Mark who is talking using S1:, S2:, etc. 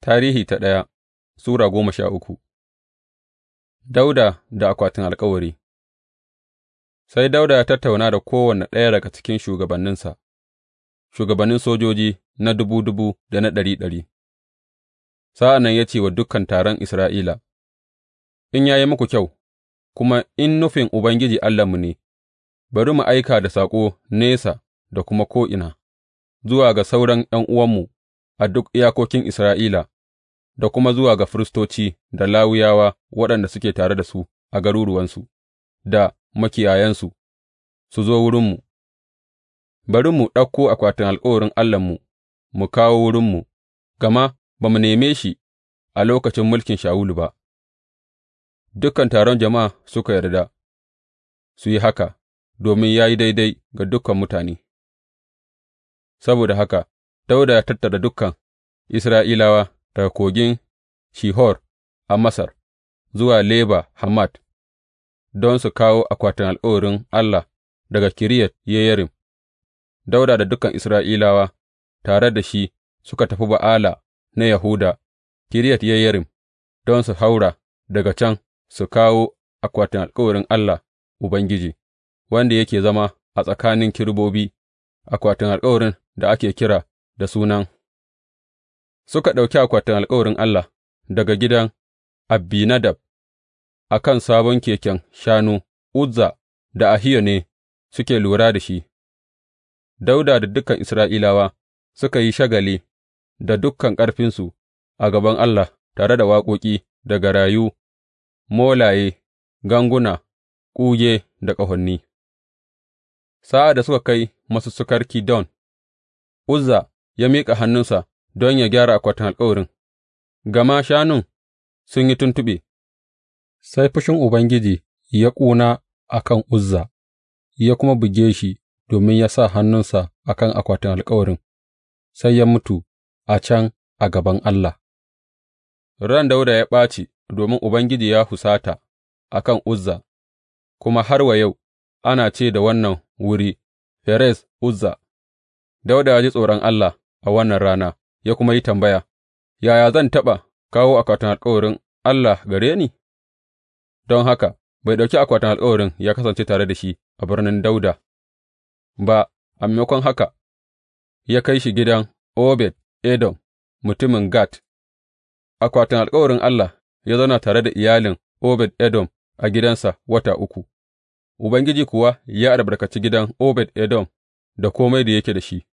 S1: Tarihi ta ɗaya Sura goma sha uku Dauda da akwatin alkawari Sai Dauda ya tattauna da kowane ɗaya daga cikin shugabanninsa, shugabannin sojoji na dubu dubu da na ɗari ɗari, sa'an nan ya ce wa dukan taron Isra'ila, In ya yi muku kyau, kuma in nufin Ubangiji Allahnmu ne, bari mu aika da saƙo nesa da kuma ko'ina zuwa ga sauran 'yan ’yan'uwanmu a duk iyakokin Isra'ila, da kuma zuwa ga firistoci da Lawiyawa waɗanda suke tare da su a garuruwansu da makiyayansu, su zo wurinmu, bari mu ɗauko akwatin alkawarin Allahnmu mu kawo wurinmu, gama ba mu neme shi a lokacin mulkin Shawulu ba. Dukan taron jama'a suka yarda su yi haka, domin ya yi daidai ga dukan mutane, saboda haka. Dawuda ya tattara dukan Isra'ilawa daga Kogin Shihor a Masar zuwa Leba Hamat don su kawo akwatin alkawarin Allah daga Kiriyat Yeyarim, Dauda da dukan Isra'ilawa tare da shi suka tafi Ba'ala na Yahuda, Kiriyat Yeyarim, don su haura daga can su kawo akwatin alkawarin Allah Ubangiji, wanda yake zama a tsakanin kirbobi akwatin alkawarin da ake kira da sunan, suka ɗauki akwatin alkawarin Allah daga gidan Abinadab a kan sabon keken shanu Uzza da Ahiyo ne suke lura da shi, Dauda da dukan Isra'ilawa suka yi shagali da dukan ƙarfinsu a gaban Allah tare da waƙoƙi daga rayu, molaye, ganguna, ƙuge da ƙahonni. Sa'ad da suka kai masussukar Kidon, Uzza ya miƙa hannunsa don yă gyara akwatin alkawarin, gama shanun sun yi tuntuɓe, sai fushin Ubangiji ya ƙuna a kan Uzza, ya kuma buge shi domin ya sa hannunsa a kan akwatin alkawarin, sai ya mutu a can a gaban Allah. Ran Dauda ya ɓaci domin Ubangiji ya husata a kan Uzza, kuma har wa yau ana ce da wannan wuri Ferez Uzza. Dauda ya ji tsoron Allah, a wannan rana ya kuma yi tambaya, Yaya zan taɓa kawo akwatin alkawarin Allah gare ni? Don haka bai ɗauki akwatin alkawarin ya kasance tare da shi a birnin Dauda. ba, a maimakon haka ya kai shi gidan Obed Edom mutumin Gat. Akwatin alkawarin Allah ya zauna tare da iyalin Obed Edom a gidansa wata uku, Ubangiji kuwa ya albarkaci gidan Obed Edom da kome da yake da shi.